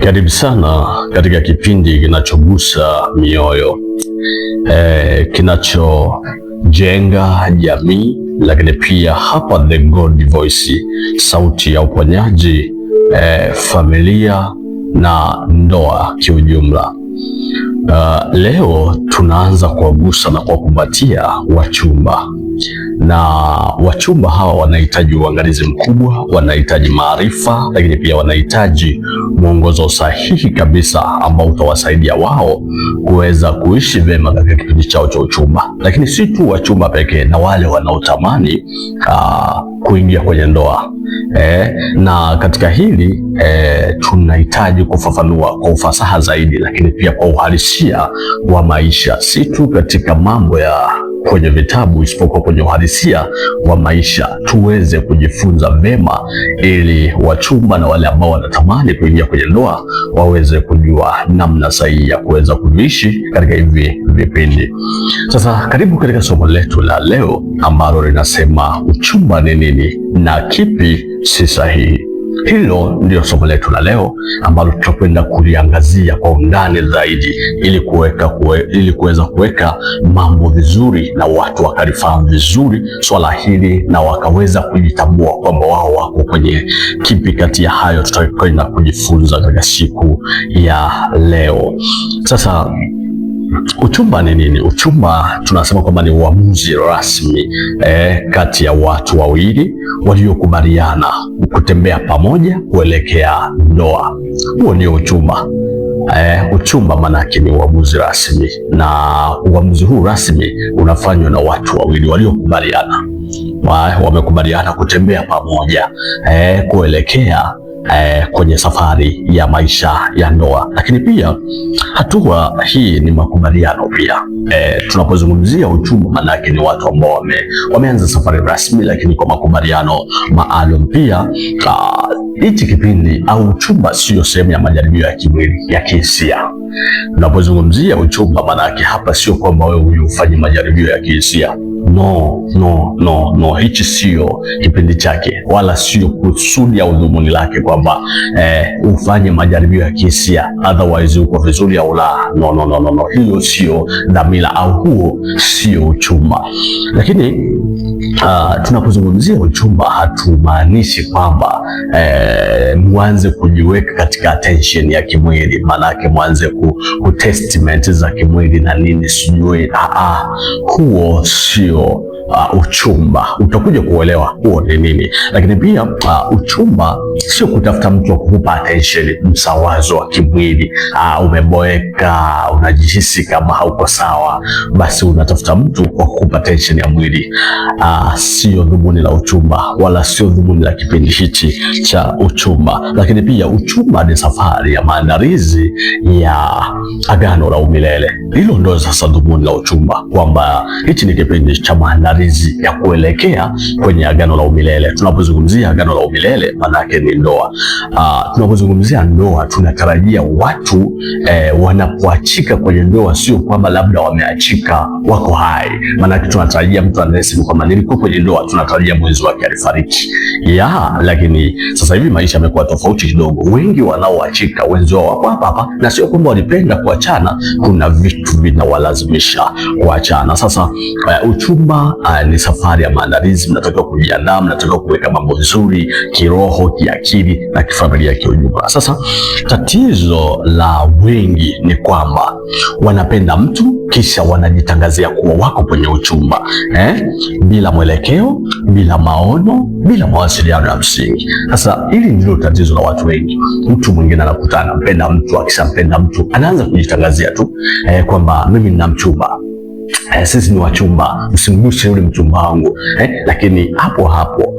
Karibu sana katika kipindi kinachogusa mioyo e, kinachojenga jamii, lakini pia hapa The God Voice, sauti ya uponyaji e, familia na ndoa kiujumla. Uh, leo tunaanza kuwagusa na kuwakumbatia wachumba na wachumba hawa wanahitaji uangalizi mkubwa, wanahitaji maarifa, lakini pia wanahitaji mwongozo sahihi kabisa ambao utawasaidia wao kuweza kuishi vyema katika kipindi chao cha uchumba. Lakini si tu wachumba pekee, na wale wanaotamani ah, kuingia kwenye ndoa. E, na katika hili e, tunahitaji kufafanua kwa ufasaha zaidi, lakini pia kwa uhalisia wa maisha, si tu katika mambo ya kwenye vitabu isipokuwa kwenye uhalisia wa maisha, tuweze kujifunza vema, ili wachumba na wale ambao wanatamani kuingia kwenye ndoa waweze kujua namna sahihi ya kuweza kuishi katika hivi vipindi. Sasa karibu katika somo letu la leo ambalo linasema uchumba ni nini na kipi si sahihi. Hilo ndio somo letu la leo ambalo tutakwenda kuliangazia kwa undani zaidi, ili kuweka kue, ili kuweza kuweka mambo vizuri na watu wakalifahamu vizuri swala hili na wakaweza kujitambua kwamba wao wako kwenye kipi kati ya hayo tutakwenda kujifunza katika siku ya leo. Sasa uchumba ni nini? Uchumba tunasema kwamba ni uamuzi rasmi eh, kati ya watu wawili waliokubaliana kutembea pamoja kuelekea ndoa. Huo ni uchumba. Eh, uchumba maanake ni uamuzi rasmi, na uamuzi huu rasmi unafanywa na watu wawili waliokubaliana, wamekubaliana kutembea pamoja eh, kuelekea eh, kwenye safari ya maisha ya ndoa. Lakini pia hatua hii ni makubaliano pia. Eh, tunapozungumzia uchumba, maana yake ni watu ambao wame, wameanza safari rasmi, lakini kwa makubaliano maalum pia ah, hichi kipindi au uchumba sio sehemu ya majaribio ya kimwili ya kihisia. Unapozungumzia uchumba, maana yake hapa sio kwamba wewe huyu ufanye majaribio ya kihisia. No, no, no, no, hichi sio kipindi chake, wala sio kusudi au dhumuni lake kwamba eh, ufanye majaribio ya kihisia otherwise uko vizuri au la. No, no, no, no, no, hiyo sio dhamira au huo sio uchumba, lakini uh, tunapozungumzia uchumba hatumaanishi kwamba eh, mwanze kujiweka katika attention ya kimwili, maanake mwanze ku, ku testament za kimwili na nini sijui. Ah, ah, huo sio uh, uchumba, utakuja kuelewa huo ni nini. Lakini pia uh, uchumba sio kutafuta mtu wa kukupa attention, msawazo wa kimwili uh, umeboeka, unajihisi kama hauko sawa, basi unatafuta mtu wa kukupa attention ya mwili uh, sio dhumuni la uchumba, wala sio dhumuni la kipindi hichi cha uchumba. Lakini pia uchumba ni safari ya maandalizi ya agano la umilele. Hilo ndo sasa dhumuni la uchumba, kwamba hichi ni kipindi cha maandalizi pingamizi ya kuelekea kwenye agano la umilele. Tunapozungumzia agano la umilele, manake ni ndoa. Ah, tunapozungumzia ndoa tunatarajia watu eh, wanapoachika kwenye ndoa, sio kwamba labda wameachika wako hai, maanake tunatarajia mtu anayesema kwamba nilikuwa kwenye ndoa, tunatarajia mwenzi wake alifariki ya, lakini sasa hivi maisha yamekuwa tofauti kidogo. Wengi wanaoachika wenzi wao wako hapa hapa, na sio kwamba walipenda kuachana, kuna vitu vinawalazimisha kuachana. Sasa uh, uchumba uh, ni safari ya maandalizi. Mnatakiwa kujiandaa, mnatakiwa kuweka mambo vizuri kiroho, kiakili na kifamilia kiujumla. Sasa tatizo la wengi ni kwamba wanapenda mtu kisha wanajitangazia kuwa wako kwenye uchumba eh, bila mwelekeo, bila maono, bila mawasiliano ya msingi. Sasa hili ndilo tatizo la watu wengi. Mtu mwingine anakutana mpenda mtu, akishampenda mtu anaanza kujitangazia tu eh, kwamba mimi nina mchumba eh, sisi ni wachumba, msimgushe yule mchumba wangu eh, lakini hapo hapo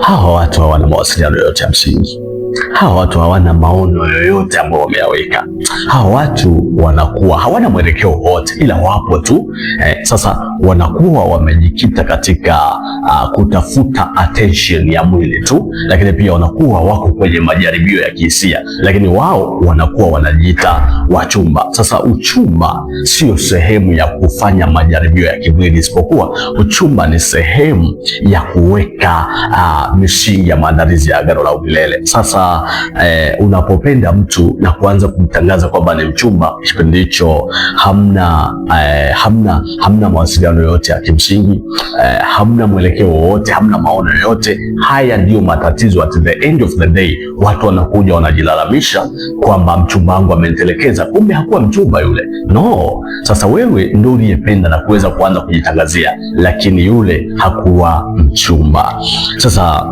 hawa watu hawana mawasiliano yoyote ya msingi hawa watu hawana maono yoyote ambayo wameyaweka. Hawa watu wanakuwa hawana mwelekeo wote, ila wapo tu eh. Sasa wanakuwa wamejikita katika uh, kutafuta attention ya mwili tu, lakini pia wanakuwa wako kwenye majaribio ya kihisia, lakini wao wanakuwa wanajiita wachumba. Sasa uchumba sio sehemu ya kufanya majaribio ya kimwili, isipokuwa uchumba ni sehemu ya kuweka uh, misingi ya maandalizi ya agano la umilele. Sasa sasa eh, unapopenda mtu na kuanza kumtangaza kwamba ni mchumba, kipindi hicho hamna, eh, hamna, hamna mawasiliano yoyote ya kimsingi eh, hamna mwelekeo wowote, hamna maono yoyote. Haya ndiyo matatizo. At the end of the day, watu wanakuja wanajilalamisha kwamba mchumba wangu amenitelekeza, kumbe hakuwa mchumba yule. No, sasa wewe ndio uliyependa na kuweza kuanza kujitangazia, lakini yule hakuwa mchumba. Sasa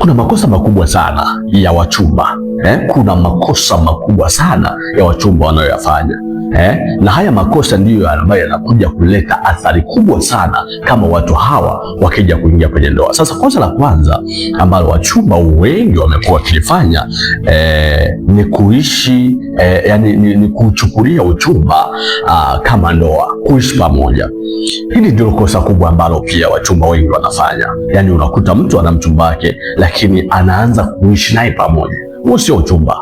kuna makosa makubwa sana ya wachumba eh? kuna makosa makubwa sana ya wachumba wanayoyafanya eh? Na haya makosa ndiyo ambayo yanakuja kuleta athari kubwa sana kama watu hawa wakija kuingia kwenye ndoa. Sasa kosa la kwanza ambalo wachumba wengi wamekuwa wakilifanya eh, ni kuishi eh, yani, ni, ni kuchukulia uchumba ah, kama ndoa, kuishi pamoja. Hili ndio kosa kubwa ambalo pia wachumba wengi wanafanya, yani unakuta mtu ana mchumba wake, lakini anaanza kuishi naye pamoja, huo sio uchumba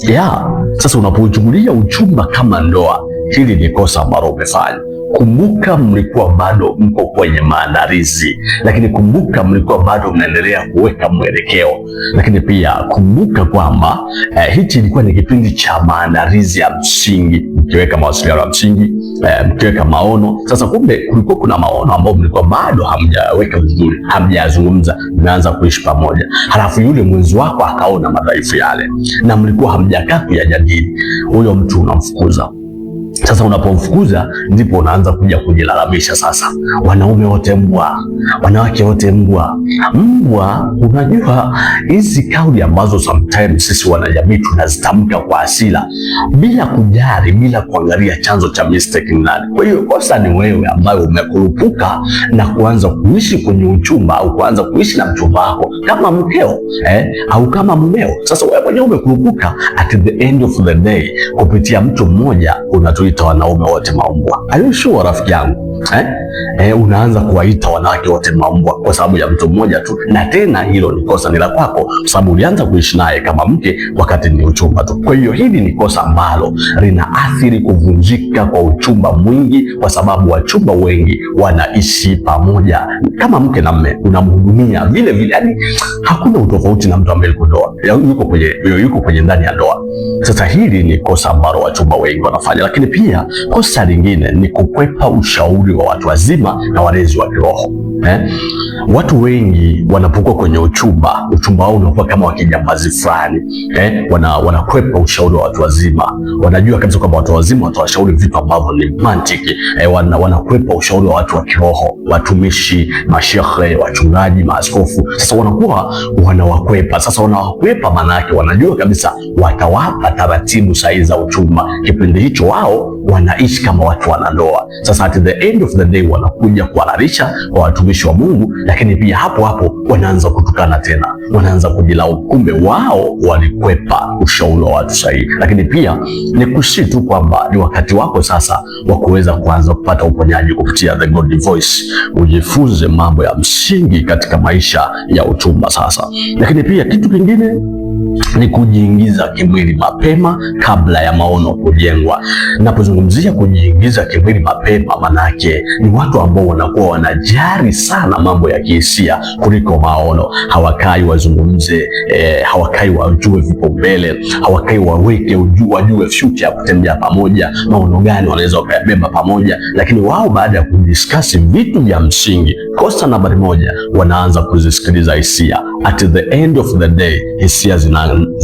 ya sasa, unapojumulia uchumba kama ndoa, hili ni kosa ambalo umefanya. Kumbuka mlikuwa bado mko kwenye maandalizi, lakini kumbuka mlikuwa bado mnaendelea kuweka mwelekeo, lakini pia kumbuka kwamba eh, hichi ilikuwa ni kipindi cha maandalizi ya msingi, mkiweka mawasiliano ya msingi eh, mkiweka maono. Sasa kumbe kulikuwa kuna maono ambayo mlikuwa bado hamjaweka vizuri, hamjazungumza, mnaanza kuishi pamoja, halafu yule mwenzi wako akaona madhaifu yale na mlikuwa hamjakaa kuyajadili, huyo mtu unamfukuza. Sasa unapomfukuza ndipo unaanza kuja kujilalamisha. Sasa wanaume wote mbwa, wanawake wote mbwa. Mbwa, unajua hizi kauli ambazo sometimes sisi wanajamii tunazitamka kwa asila bila kujali, bila kuangalia chanzo cha mistake ni nani. Kwa hiyo kosa ni wewe ambaye umekurupuka na kuanza kuishi kwenye uchumba au kuanza kuishi na mchumba wako kama mkeo eh, au kama mmeo. Sasa wewe mwenyewe umekurupuka, at the end of the day, kupitia mtu mmoja una kutuita wanaume wote maumbwa. Are you sure rafiki yangu eh? eh, unaanza kuwaita wanawake wote mambwa kwa sababu ya mtu mmoja tu, na tena hilo ni kosa, ni la kwako, kwa sababu ulianza kuishi naye kama mke wakati ni uchumba tu. Kwa hiyo hili ni kosa ambalo linaathiri kuvunjika kwa uchumba mwingi, kwa sababu wachumba wengi wanaishi pamoja kama mke na mme, unamhudumia vile vile, yani hakuna utofauti na mtu ambaye yuko kwenye yuko kwenye ndani ya ndoa. Sasa hili ni kosa ambalo wachumba wengi wanafanya, lakini pia kosa lingine ni kukwepa ushauri wa watu wazima wazima na walezi wa kiroho eh? Watu wengi wanapokuwa kwenye uchumba, uchumba wao unakuwa kama wakijambazi fulani eh? Wana, wanakwepa ushauri wa watu wazima. Wanajua kabisa kwamba watu wazima watawashauri vitu ambavyo ni mantiki eh? Wana, wanakwepa ushauri wa watu wa kiroho, watumishi, mashehe, wachungaji, maaskofu. Sasa wanakuwa wanawakwepa. Sasa wanawakwepa, maana yake wanajua kabisa watawapa taratibu sahihi za uchumba. Kipindi hicho wao wanaishi kama watu wanandoa. Sasa at the end of the day wanakuja kuhararisha kwa watumishi wa Mungu, lakini pia hapo hapo wanaanza kutukana tena, wanaanza kujilaumu. Kumbe wao walikwepa ushauri wa watu sahihi. Lakini pia ni kushii tu kwamba ni wakati wako sasa wa kuweza kuanza kupata uponyaji kupitia The Voice, ujifunze mambo ya msingi katika maisha ya utumwa sasa. Lakini pia kitu kingine ni kujiingiza kimwili mapema kabla ya maono kujengwa. Napozungumzia kujiingiza kimwili mapema, manake ni watu ambao wanakuwa wanajari sana mambo ya kihisia kuliko maono. Hawakai wazungumze eh, hawakai wajue vipaumbele, hawakai waweke wajue future ya kutembea pamoja, maono gani wanaweza wakayabeba pamoja. Lakini wao baada ya kudiskasi vitu vya msingi, kosa nambari moja, wanaanza kuzisikiliza hisia at the end of the day hisia zinang'atana,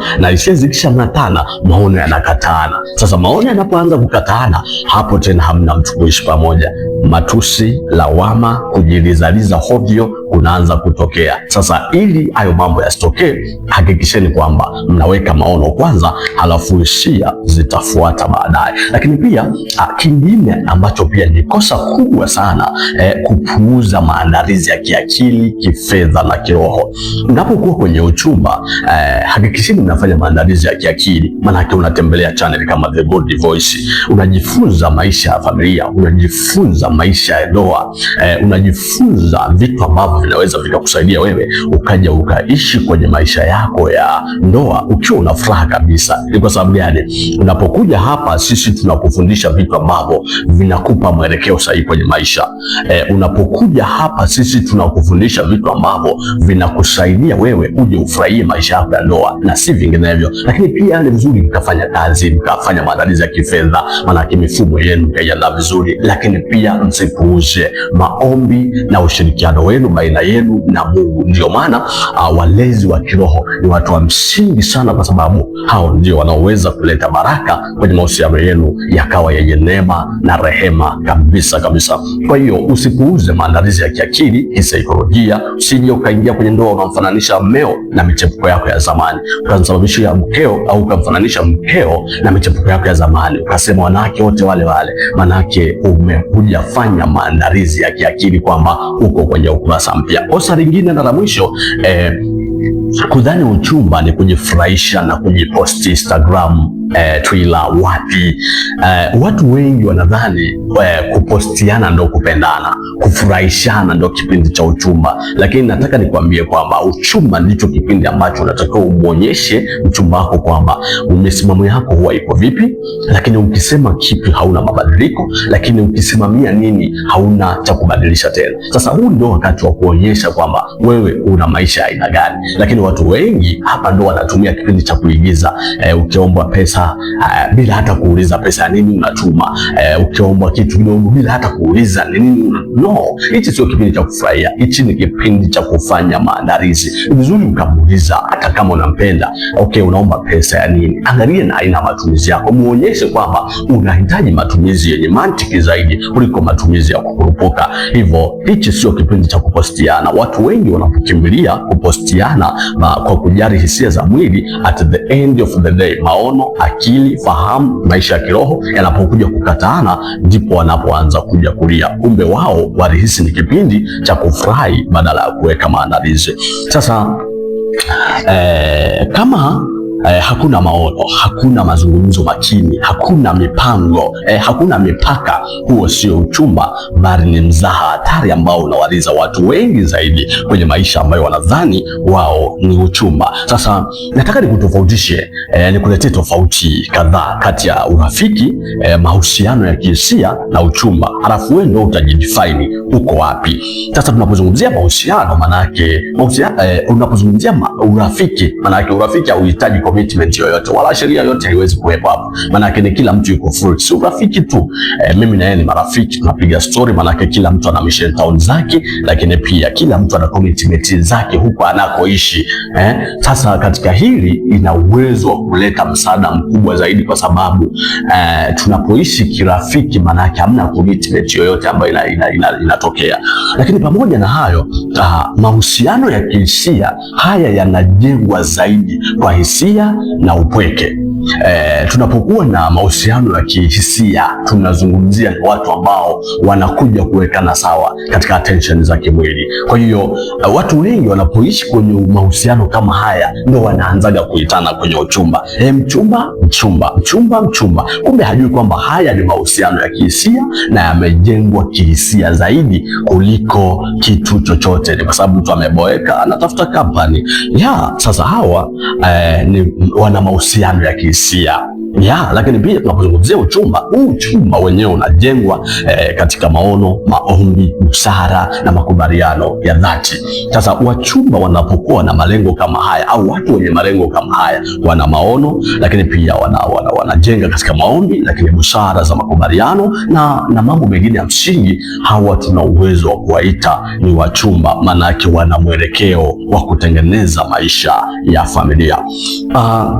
zina na hisia zikishang'atana, maono yanakatana. Sasa maono yanapoanza kukatana, hapo tena hamna mtu kuishi pamoja matusi, lawama, kujilizaliza hovyo kunaanza kutokea. Sasa ili hayo mambo yasitokee, hakikisheni kwamba mnaweka maono kwanza, halafu hisia zitafuata baadaye. Lakini pia ah, kingine ambacho pia ni kosa kubwa sana eh, kupuuza maandalizi ya kiakili, kifedha na kiroho. Unapokuwa kwenye uchumba eh, hakikisheni mnafanya maandalizi ya kiakili, maanake unatembelea channel kama The Good Voice, unajifunza maisha ya familia, unajifunza maisha ya ndoa eh, unajifunza vitu ambavyo vinaweza vikakusaidia wewe ukaja ukaishi kwenye maisha yako ya ndoa ukiwa una furaha kabisa. Ni kwa sababu gani? Unapokuja hapa sisi tunakufundisha vitu ambavyo vinakupa mwelekeo sahihi kwenye maisha eh, unapokuja hapa sisi tunakufundisha vitu ambavyo vinakusaidia wewe uje ufurahie maisha yako ya ndoa na si vinginevyo. Lakini pia ni vizuri mkafanya kazi, mkafanya maandalizi ya kifedha, maanake mifumo yenu kaja vizuri, lakini pia msipuuze maombi na ushirikiano wenu baina yenu na Mungu. Ndio maana uh, walezi wa kiroho ni watu wa msingi sana, kwa sababu hao ndio wanaoweza kuleta baraka kwenye mahusiano yenu yakawa yenye neema na rehema kabisa kabisa. Kwa hiyo usipuuze maandalizi ya kiakili, kisaikolojia. Usije ukaingia kwenye ndoa unamfananisha mmeo na michepuko yako ya zamani, ukamsababishia mkeo au ukamfananisha mkeo na michepuko yako ya zamani, ukasema wanawake wote wale wale, manake umekuja fanya maandalizi ya kiakili kwamba uko kwenye ukurasa mpya. Kosa lingine na la mwisho eh, kudhani uchumba ni kujifurahisha na kujiposti Instagram eh, Twila wapi. Eh, watu wengi wanadhani eh, kupostiana ndo kupendana, kufurahishana ndo kipindi cha uchumba, lakini nataka nikwambie kwamba uchumba ndicho kipindi ambacho unatakiwa umwonyeshe mchumba wako kwamba misimamo yako huwa iko vipi, lakini ukisema kipi hauna mabadiliko, lakini ukisimamia nini hauna cha kubadilisha tena. Sasa huu ndio wakati wa kuonyesha kwamba wewe una maisha ya aina gani, lakini watu wengi hapa ndo wanatumia kipindi cha kuigiza. Eh, ukiombwa pesa uh, bila hata kuuliza pesa nini unatuma uh, ukiombwa kitu kidogo bila hata kuuliza nini. No, hichi sio kipindi cha kufurahia, hichi ni kipindi cha kufanya maandalizi. Vizuri ukamuuliza hata kama unampenda. Okay, unaomba pesa ya nini? Angalia na aina matumizi yako, muonyeshe kwamba unahitaji matumizi yenye mantiki zaidi kuliko matumizi ya kukurupuka. Hivyo hichi sio kipindi cha kupostiana. Watu wengi wanapokimbilia kupostiana kwa kujali hisia za mwili, at the end of the day maono akili, fahamu, maisha ya kiroho yanapokuja kukataana, ndipo wanapoanza kuja kulia. Kumbe wao walihisi ni kipindi cha kufurahi badala ya kuweka maandalizi. Sasa eh, kama eh, hakuna maono, hakuna mazungumzo makini, hakuna mipango eh, hakuna mipaka. Huo sio uchumba, bali ni mzaha hatari ambao unawaliza watu wengi zaidi kwenye maisha ambayo wanadhani wao ni uchumba. Sasa nataka nikutofautishe, eh, nikuletee tofauti kadhaa kati ya urafiki eh, mahusiano ya kihisia na uchumba, halafu wewe ndio utajidefine uko wapi. Sasa tunapozungumzia mahusiano, maana yake mahusiano, eh, unapozungumzia ma, urafiki, maana yake urafiki hauhitaji commitment yoyote wala sheria yoyote haiwezi kuwepo hapo, maana yake ni kila mtu yuko free, si urafiki tu. E, mimi na yeye ni marafiki, tunapiga story, maana yake kila mtu ana mission town zake, lakini pia kila mtu ana commitment zake huko anakoishi. Eh, sasa katika hili ina uwezo wa kuleta msaada mkubwa zaidi, kwa sababu eh, tunapoishi kirafiki, maana yake hamna commitment yoyote ambayo inatokea ina, ina, ina. Lakini pamoja na hayo ta, ah, mahusiano ya kihisia haya yanajengwa zaidi kwa hisia na upweke eh, tunapokuwa na mahusiano ya kihisia tunazungumzia ni watu ambao wanakuja kuwekana sawa katika attention za kimwili. Kwa hiyo eh, watu wengi wanapoishi kwenye mahusiano kama haya ndio wanaanzaga kuitana kwenye uchumba, Eh, mchumba mchumba mchumba mchumba, kumbe hajui kwamba haya ni mahusiano ya kihisia na yamejengwa kihisia zaidi kuliko kitu chochote. Ni kwa sababu mtu ameboeka anatafuta company ya sasa. Hawa eh, ni wana mahusiano ya kihisia hisia ya, lakini pia tunapozungumzia uchumba, huu uchumba wenyewe unajengwa eh, katika maono, maombi, busara na makubaliano ya dhati. Sasa wachumba wanapokuwa na malengo kama haya au watu wenye malengo kama haya, wana maono, lakini pia wanajenga wana, wana katika maombi, lakini busara za makubaliano na, na mambo mengine ya msingi, hawa tuna uwezo wa kuwaita ni wachumba, maanake wana mwelekeo wa kutengeneza maisha ya familia uh,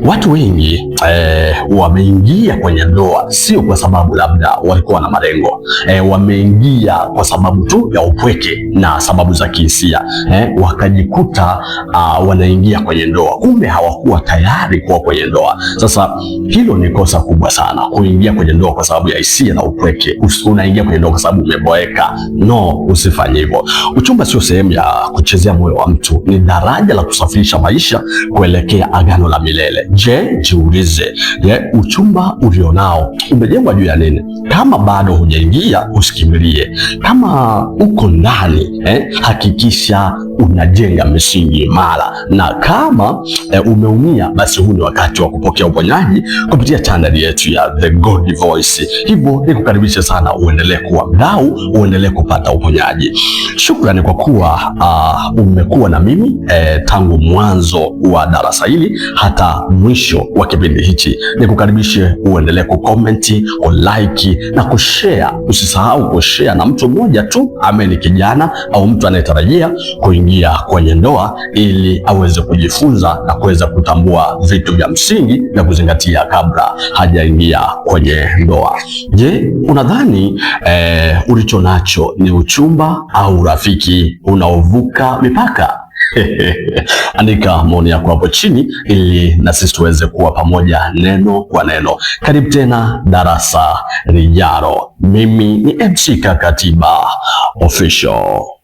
Watu wengi eh, wameingia kwenye ndoa sio kwa sababu labda walikuwa na malengo eh, wameingia kwa sababu tu ya upweke na sababu za kihisia eh, wakajikuta uh, wanaingia kwenye ndoa, kumbe hawakuwa tayari kuwa kwenye ndoa. Sasa hilo ni kosa kubwa sana, kuingia kwenye ndoa kwa sababu ya hisia na upweke. Unaingia kwenye ndoa kwa sababu umeboeka? No, usifanye hivyo. Uchumba sio sehemu ya kuchezea moyo wa mtu, ni daraja la kusafirisha maisha kuelekea agano la milele. Je, jiulize, je, eh, uchumba ulionao umejengwa juu ya nini? Kama bado hujaingia usikimbilie. Kama uko ndani eh, hakikisha unajenga misingi imara, na kama e, umeumia basi huu ni wakati wa kupokea uponyaji kupitia chaneli yetu ya The God Voice. Hivyo nikukaribisha sana uendelee kuwa mdau, uendelee kupata uponyaji. Shukrani kwa kuwa uh, umekuwa na mimi e, tangu mwanzo wa darasa hili hata mwisho wa kipindi hichi. Nikukaribishe uendelee kukomenti, kulike na kushare. Usisahau kushare na mtu mmoja tu ambaye ni kijana au mtu anayetarajia ku kuingia kwenye ndoa ili aweze kujifunza na kuweza kutambua vitu vya msingi vya kuzingatia kabla hajaingia kwenye ndoa. Je, unadhani eh, ulicho nacho ni uchumba au urafiki unaovuka mipaka? Andika maoni yako hapo chini ili na sisi tuweze kuwa pamoja neno kwa neno. Karibu tena darasa lijalo. Mimi ni MC Kakatiba Official.